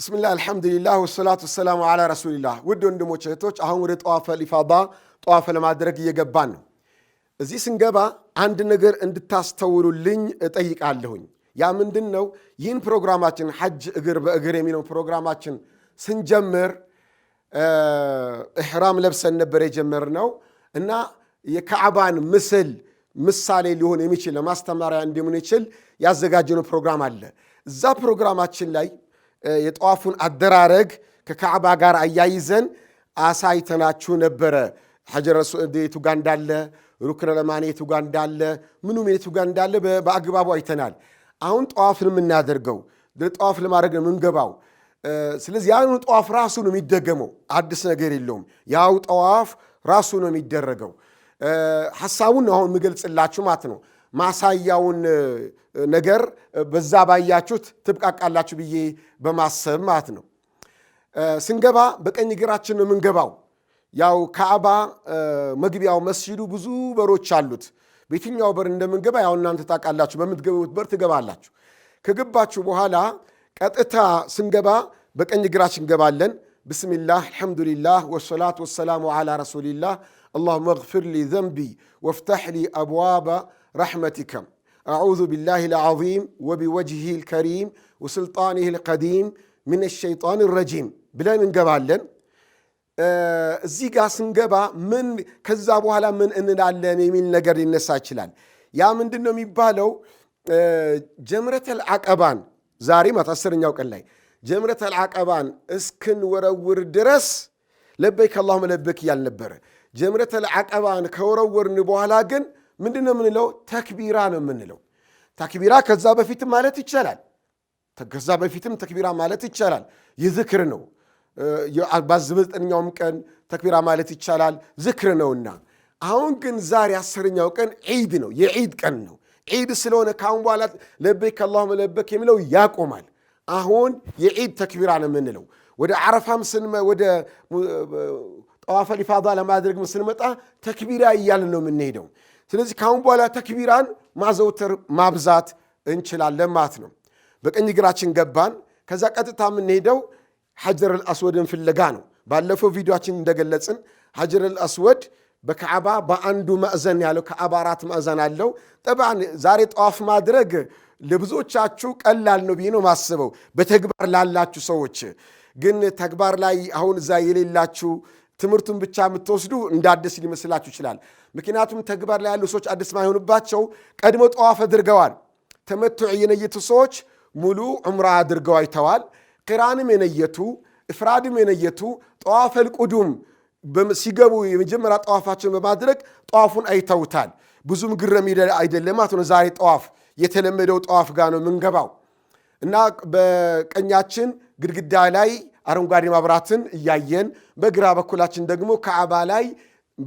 ብስሚላ አልሐምዱሊላህ ወሰላቱ ወሰላሙ አላ ረሱሊላህ። ውድ ወንድሞች እህቶች፣ አሁን ወደ ጠዋፈል ኢፋዳ ጠዋፈ ለማድረግ እየገባን ነው። እዚህ ስንገባ አንድ ነገር እንድታስተውሉልኝ እጠይቃለሁኝ። ያ ምንድን ነው? ይህን ፕሮግራማችን ሐጅ እግር በእግር የሚለው ፕሮግራማችን ስንጀምር እሕራም ለብሰን ነበር የጀመርነው እና የካዕባን ምስል ምሳሌ ሊሆን የሚችል ለማስተማሪያ እንዲሆን ይችል ያዘጋጀነው ፕሮግራም አለ። እዛ ፕሮግራማችን ላይ የጠዋፉን አደራረግ ከካዕባ ጋር አያይዘን አሳይተናችሁ ነበረ። ሐጀረ ሱዕድ የቱ ጋ እንዳለ፣ ሩክነ ለማን የቱ ጋ እንዳለ፣ ምኑም የቱ ጋ እንዳለ በአግባቡ አይተናል። አሁን ጠዋፍን የምናደርገው ጠዋፍ ለማድረግ ነው የምንገባው። ስለዚህ ያኑ ጠዋፍ ራሱ ነው የሚደገመው፣ አዲስ ነገር የለውም። ያው ጠዋፍ ራሱ ነው የሚደረገው። ሐሳቡን አሁን የምገልጽላችሁ ማለት ነው። ማሳያውን ነገር በዛ ባያችሁት ትብቃቃላችሁ ብዬ በማሰብ ማለት ነው። ስንገባ በቀኝ እግራችን ነው የምንገባው። ያው ካዕባ መግቢያው መስጂዱ ብዙ በሮች አሉት። በየትኛው በር እንደምንገባ ያው እናንተ ታውቃላችሁ። በምትገቡት በር ትገባላችሁ። ከገባችሁ በኋላ ቀጥታ ስንገባ በቀኝ እግራችን እንገባለን። ብስሚላህ አልሐምዱሊላህ ወሰላቱ ወሰላሙ ዓላ ረሱሊላህ اللهم اغفر لي ذنبي وافتح لي أبواب رحمتك أعوذ بالله العظيم وبوجهه الكريم وسلطانه القديم من الشيطان الرجيم ብለን እንገባለን። እዚህ ጋር ስንገባ ምን ከዛ በኋላ ምን እንላለን የሚል ነገር ሊነሳ ይችላል። ያ ምንድን ነው የሚባለው? ጀምረተል አቀባን ዛሬ ማታ አስረኛው ቀን ላይ ጀምረተል አቀባን እስክንወረውር ድረስ ለበይክ አላሁመ ለበይክ እያል ነበረ። ጀምረተል ዓቀባን ከወረወርን በኋላ ግን ምንድን ነው የምንለው? ተክቢራ ነው የምንለው። ተክቢራ ከዛ በፊትም ማለት ይቻላል። ከዛ በፊትም ተክቢራ ማለት ይቻላል። የዝክር ነው። በዘጠነኛውም ቀን ተክቢራ ማለት ይቻላል፣ ዝክር ነውና። አሁን ግን ዛሬ አስረኛው ቀን ዒድ ነው፣ የዒድ ቀን ነው። ዒድ ስለሆነ ከአሁን በኋላ ለበይክ አላሁመ ለበይክ የሚለው ያቆማል። አሁን የዒድ ተክቢራ ነው የምንለው። ወደ ዓረፋም ወደ ጠዋፈ ኢፋዳ ለማድረግም ስንመጣ ተክቢራ እያልን ነው የምንሄደው። ስለዚህ ካሁን በኋላ ተክቢራን ማዘውተር ማብዛት እንችላለን ማለት ነው። በቀኝ እግራችን ገባን። ከዛ ቀጥታ የምንሄደው ሐጀር አስወድን ፍለጋ ነው። ባለፈው ቪዲዮችን እንደገለጽን ሐጀር አስወድ በከዓባ በአንዱ ማዕዘን ያለው ከዓባ አራት ማዕዘን አለው። ጠብዓን ዛሬ ጠዋፍ ማድረግ ለብዙዎቻችሁ ቀላል ነው ብዬ ነው ማስበው። በተግባር ላላችሁ ሰዎች ግን ተግባር ላይ አሁን እዛ የሌላችሁ ትምህርቱን ብቻ የምትወስዱ እንደ አዲስ ሊመስላችሁ ይችላል። ምክንያቱም ተግባር ላይ ያሉ ሰዎች አዲስ ማይሆንባቸው ቀድሞ ጠዋፍ አድርገዋል። ተመቱዕ የነየቱ ሰዎች ሙሉ ዑምራ አድርገው አይተዋል። ቅራንም የነየቱ እፍራድም የነየቱ ጠዋፈል ቁዱም ሲገቡ የመጀመሪያ ጠዋፋቸውን በማድረግ ጠዋፉን አይተውታል። ብዙም ግረም አይደለም ማለት ዛሬ ጠዋፍ የተለመደው ጠዋፍ ጋር ነው የምንገባው እና በቀኛችን ግድግዳ ላይ አረንጓዴ ማብራትን እያየን በግራ በኩላችን ደግሞ ከአባ ላይ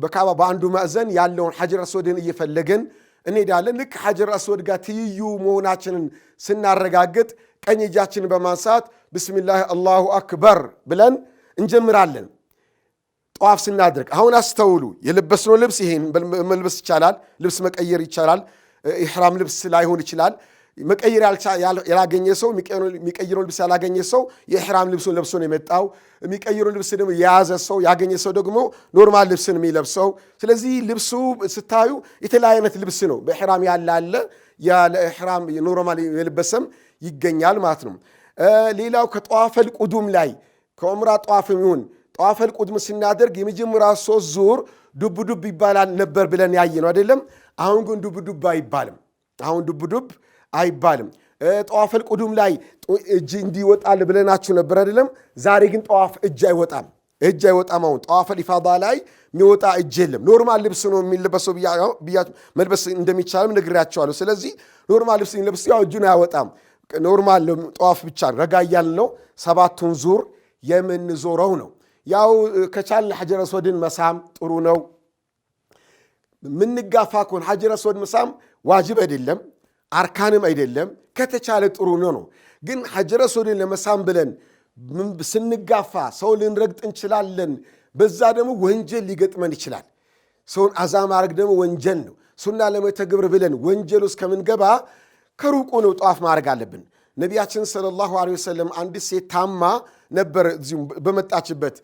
በካባ በአንዱ ማዕዘን ያለውን ሐጀር አስወድን እየፈለግን እንሄዳለን። ልክ ሐጀር አስወድ ጋር ትይዩ መሆናችንን ስናረጋግጥ ቀኝ እጃችንን በማንሳት ብስሚላህ አላሁ አክበር ብለን እንጀምራለን። ጠዋፍ ስናደርግ አሁን አስተውሉ፣ የለበስነው ልብስ ይሄን መልበስ ይቻላል፣ ልብስ መቀየር ይቻላል። ኢሕራም ልብስ ላይሆን ይችላል። መቀየር ያላገኘ ሰው የሚቀይረው ልብስ ያላገኘ ሰው የኢሕራም ልብሱን ለብሶ ነው የመጣው። የሚቀይረው ልብስ ደግሞ የያዘ ሰው ያገኘ ሰው ደግሞ ኖርማል ልብስን የሚለብሰው። ስለዚህ ልብሱ ስታዩ የተለያየ አይነት ልብስ ነው። በኢሕራም ያለ አለ፣ ያለ ኢሕራም ኖርማል የለበሰም ይገኛል ማለት ነው። ሌላው ከጠዋፈል ቁዱም ላይ ከዑምራ ጠዋፍም ይሁን ጠዋፈል ቁድም ስናደርግ የመጀመሪያ ሶስት ዙር ዱብ ዱብ ይባላል ነበር ብለን ያየ ነው አይደለም። አሁን ግን ዱብ ዱብ አይባልም። አሁን ዱብ ዱብ አይባልም። ጠዋፈል ቁዱም ላይ እጅ እንዲወጣል ብለናችሁ ነበር አይደለም። ዛሬ ግን ጠዋፍ እጅ አይወጣም። እጅ አይወጣም። አሁን ጠዋፈል ኢፋዳ ላይ የሚወጣ እጅ የለም። ኖርማል ልብስ ነው የሚለበሰው ብያ መልበስ እንደሚቻልም ነግሬያቸዋለሁ። ስለዚህ ኖርማል ልብስ የሚለብስ ያው እጁን አያወጣም። ኖርማል ጠዋፍ ብቻ ረጋ እያልን ነው ሰባቱን ዙር የምንዞረው ነው ያው ከቻልን ሓጀረ ሶድን መሳም ጥሩ ነው። ምንጋፋ ኮን ሓጀረ ሶድ መሳም ዋጅብ አይደለም አርካንም አይደለም። ከተቻለ ጥሩ ነው ነው ግን ሓጀረ ሶድን ለመሳም ብለን ስንጋፋ ሰው ልንረግጥ እንችላለን። በዛ ደግሞ ወንጀል ሊገጥመን ይችላል። ሰውን አዛ ማድረግ ደግሞ ወንጀል ነው። ሱና ለመተግብር ብለን ወንጀል ውስጥ ከምንገባ ከሩቁ ነው ጠዋፍ ማድረግ አለብን። ነቢያችን ሰለላሁ ዐለይሂ ወሰለም አንዲት ሴት ታማ ነበር። እዚሁም በመጣችበት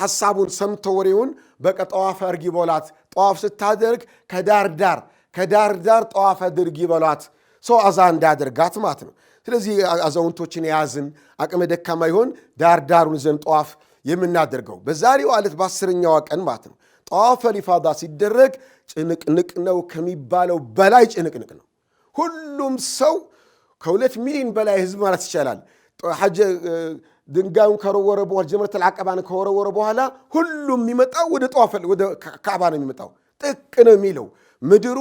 ሐሳቡን ሰምቶ ወሬውን በቀ ጠዋፍ እርግ ይበሏት፣ ጠዋፍ ስታደርግ ከዳር ዳር ከዳር ዳር ጠዋፍ አድርጊ በሏት። ሰው አዛ እንዳያደርጋት ማለት ነው። ስለዚህ አዛውንቶችን የያዝን አቅመ ደካማ ይሆን ዳር ዳሩን ዘን ጠዋፍ የምናደርገው በዛሬው ዕለት በአስረኛዋ ቀን ማለት ነው። ጠዋፈ ሊፋዳ ሲደረግ ጭንቅንቅ ነው ከሚባለው በላይ ጭንቅንቅ ነው። ሁሉም ሰው ከሁለት ሚሊዮን በላይ ህዝብ ማለት ይቻላል ሐጀ ድንጋዩን ከወረወረ በኋላ ጀመረተል አቀባን ከወረወረ በኋላ ሁሉም የሚመጣው ወደ ጠዋፈል ወደ ካዕባ ነው የሚመጣው። ጥቅ ነው የሚለው ምድሩ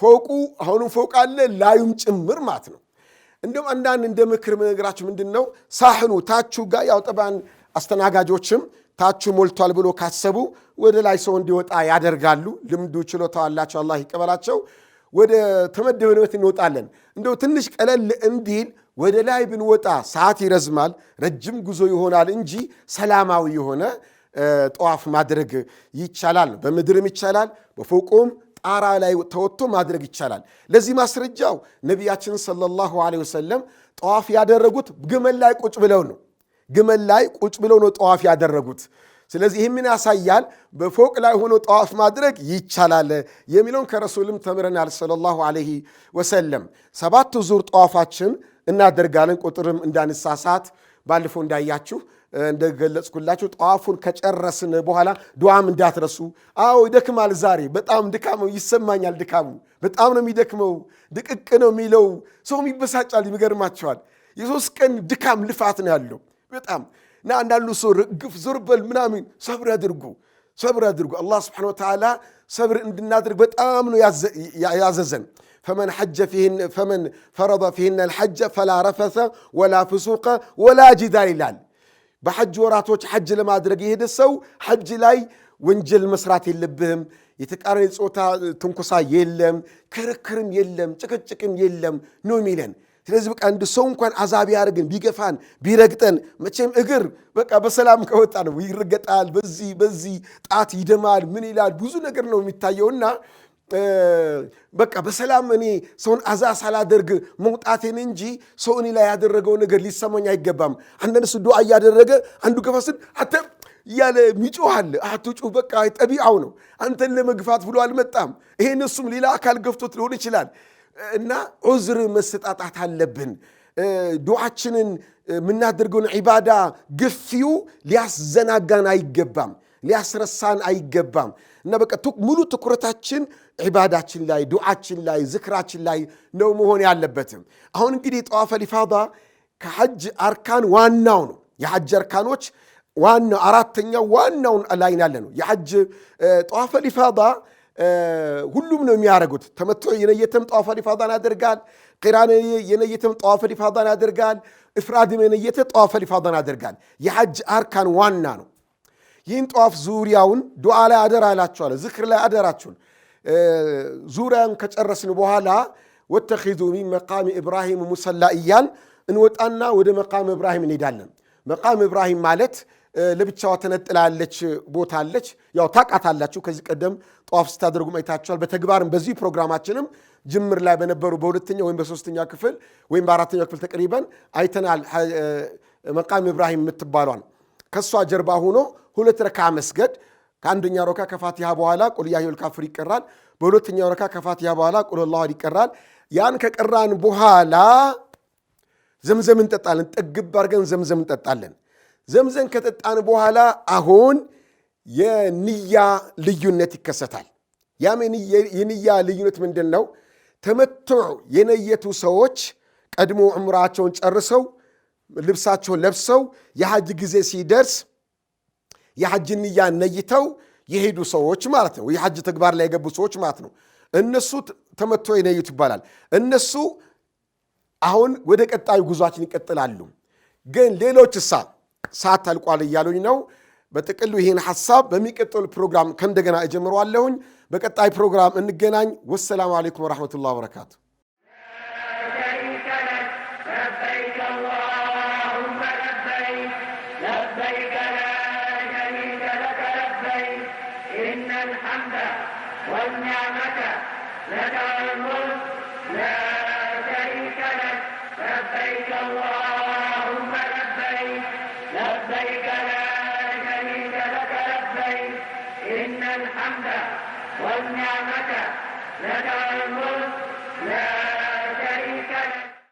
ፎቁ፣ አሁኑም ፎቅ አለ ላዩም ጭምር ማለት ነው። እንደውም አንዳንድ እንደ ምክር መነግራችሁ ምንድን ነው ሳህኑ ታቹ ጋር ያው ጠባን አስተናጋጆችም ታቹ ሞልቷል ብሎ ካሰቡ ወደ ላይ ሰው እንዲወጣ ያደርጋሉ። ልምዱ ችሎታው አላቸው፣ አላህ ይቀበላቸው። ወደ ተመደበን እንወጣለን። እንደው ትንሽ ቀለል እንዲል ወደ ላይ ብንወጣ ሰዓት ይረዝማል፣ ረጅም ጉዞ ይሆናል እንጂ ሰላማዊ የሆነ ጠዋፍ ማድረግ ይቻላል። በምድርም ይቻላል፣ በፎቁም ጣራ ላይ ተወጥቶ ማድረግ ይቻላል። ለዚህ ማስረጃው ነቢያችን ሰለላሁ ዐለይሂ ወሰለም ጠዋፍ ያደረጉት ግመል ላይ ቁጭ ብለው ነው። ግመል ላይ ቁጭ ብለው ነው ጠዋፍ ያደረጉት። ስለዚህ ይህ ምን ያሳያል? በፎቅ ላይ ሆኖ ጠዋፍ ማድረግ ይቻላል የሚለውን ከረሱልም ተምረናል ሰለላሁ አለይህ ወሰለም። ሰባት ዙር ጠዋፋችን እናደርጋለን። ቁጥርም እንዳንሳሳት ባለፈው እንዳያችሁ እንደገለጽኩላችሁ ጠዋፉን ከጨረስን በኋላ ድዋም እንዳትረሱ። አዎ ይደክማል። ዛሬ በጣም ድካም ይሰማኛል። ድካሙ በጣም ነው የሚደክመው። ድቅቅ ነው የሚለው ሰውም ይበሳጫል። ይገርማቸዋል። የሶስት ቀን ድካም ልፋት ነው ያለው በጣም እና አንዳንዱ ሰው ርግፍ ዝርበል ምናምን ሰብር አድርጉ ሰብር አድርጉ። አላህ ስብሓነሁ ወተዓላ ሰብር እንድናድርግ በጣም ነው ያዘዘን። ፈመን ፈመን ፈረደ ፊህና ልሐጀ ፈላ ረፈሰ ወላ ፍሱቀ ወላ ጅዳል ይላል። በሐጅ ወራቶች ሐጅ ለማድረግ የሄደ ሰው ሐጅ ላይ ወንጀል መስራት የለብህም። የተቃራኒ ፆታ ትንኩሳ የለም፣ ክርክርም የለም፣ ጭቅጭቅም የለም ነው የሚለን ስለዚህ በቃ አንድ ሰው እንኳን አዛ ቢያደርግን ቢገፋን ቢረግጠን፣ መቼም እግር በቃ በሰላም ከወጣ ነው ይረገጣል። በዚህ በዚህ ጣት ይደማል፣ ምን ይላል፣ ብዙ ነገር ነው የሚታየውና በቃ በሰላም እኔ ሰውን አዛ ሳላደርግ መውጣቴን እንጂ ሰው እኔ ላይ ያደረገው ነገር ሊሰማኝ አይገባም። አንዳንድ ስ እያደረገ አንዱ ገፋስን አተ እያለ ሚጮሃል። አትጩህ፣ በቃ ጠቢዓው ነው። አንተን ለመግፋት ብሎ አልመጣም። ይሄን እሱም ሌላ አካል ገፍቶት ሊሆን ይችላል። እና ዑዝር መሰጣጣት አለብን። ዱዓችንን የምናደርገውን ዒባዳ ግፊው ሊያዘናጋን አይገባም፣ ሊያስረሳን አይገባም። እና በቃ ሙሉ ትኩረታችን ዒባዳችን ላይ፣ ዱዓችን ላይ፣ ዝክራችን ላይ ነው መሆን ያለበትም። አሁን እንግዲህ ጠዋፈ ሊፋዳ ከሐጅ አርካን ዋናው ነው። የሐጅ አርካኖች ዋናው አራተኛው ዋናውን ላይን ያለ ነው። የሐጅ ጠዋፈ ሊፋዳ ሁሉም ነው የሚያደርጉት። ተመቶ የነየተም ጠዋፈ ኢፋዳን ያደርጋል። ቂራን የነየተም ጠዋፈ ኢፋዳን ያደርጋል። እፍራድም የነየተ ጠዋፈ ኢፋዳን ያደርጋል። የሐጅ አርካን ዋና ነው። ይህን ጠዋፍ ዙሪያውን ዱዓ ላይ አደራ እላችኋለሁ፣ ዝክር ላይ አደራችሁን። ዙሪያን ከጨረስን በኋላ ወተኪዙ ሚን መቃሚ ኢብራሂም ሙሰላ እያል እንወጣና ወደ መቃም ኢብራሂም እንሄዳለን። መቃም ኢብራሂም ማለት ለብቻዋ ተነጥላለች ቦታ አለች ያው ታውቃታላችሁ፣ ከዚህ ቀደም ጧፍ ስታደርጉ አይታችኋል። በተግባርም በዚህ ፕሮግራማችንም ጅምር ላይ በነበሩ በሁለተኛ ወይም በሶስተኛ ክፍል ወይም በአራተኛ ክፍል ተቅሪበን አይተናል። መቃም ኢብራሂም የምትባሏል ከእሷ ጀርባ ሆኖ ሁለት ረካ መስገድ ከአንደኛ ረካ ከፋቲሃ በኋላ ቁል ያ አዩሀል ይቀራል። በሁለተኛው ረካ ከፋቲሃ በኋላ ቁል ሁወ ይቀራል። ያን ከቀራን በኋላ ዘምዘም እንጠጣለን። ጠግብ አድርገን ዘምዘም እንጠጣለን። ዘምዘም ከጠጣን በኋላ አሁን የንያ ልዩነት ይከሰታል። ያም የንያ ልዩነት ምንድን ነው? ተመትዑ የነየቱ ሰዎች ቀድሞ ዑምራቸውን ጨርሰው ልብሳቸውን ለብሰው የሐጅ ጊዜ ሲደርስ የሐጅ ንያ ነይተው የሄዱ ሰዎች ማለት ነው። የሐጅ ተግባር ላይ የገቡ ሰዎች ማለት ነው። እነሱ ተመትዑ የነይቱ ይባላል። እነሱ አሁን ወደ ቀጣዩ ጉዟችን ይቀጥላሉ። ግን ሌሎች እሳ ሰዓት አልቋል እያሉኝ ነው። በጥቅሉ ይህን ሐሳብ በሚቀጥል ፕሮግራም ከእንደገና እጀምረዋለሁኝ። በቀጣይ ፕሮግራም እንገናኝ። ወሰላሙ አሌይኩም ወረሕመቱላህ በረካቱ። لا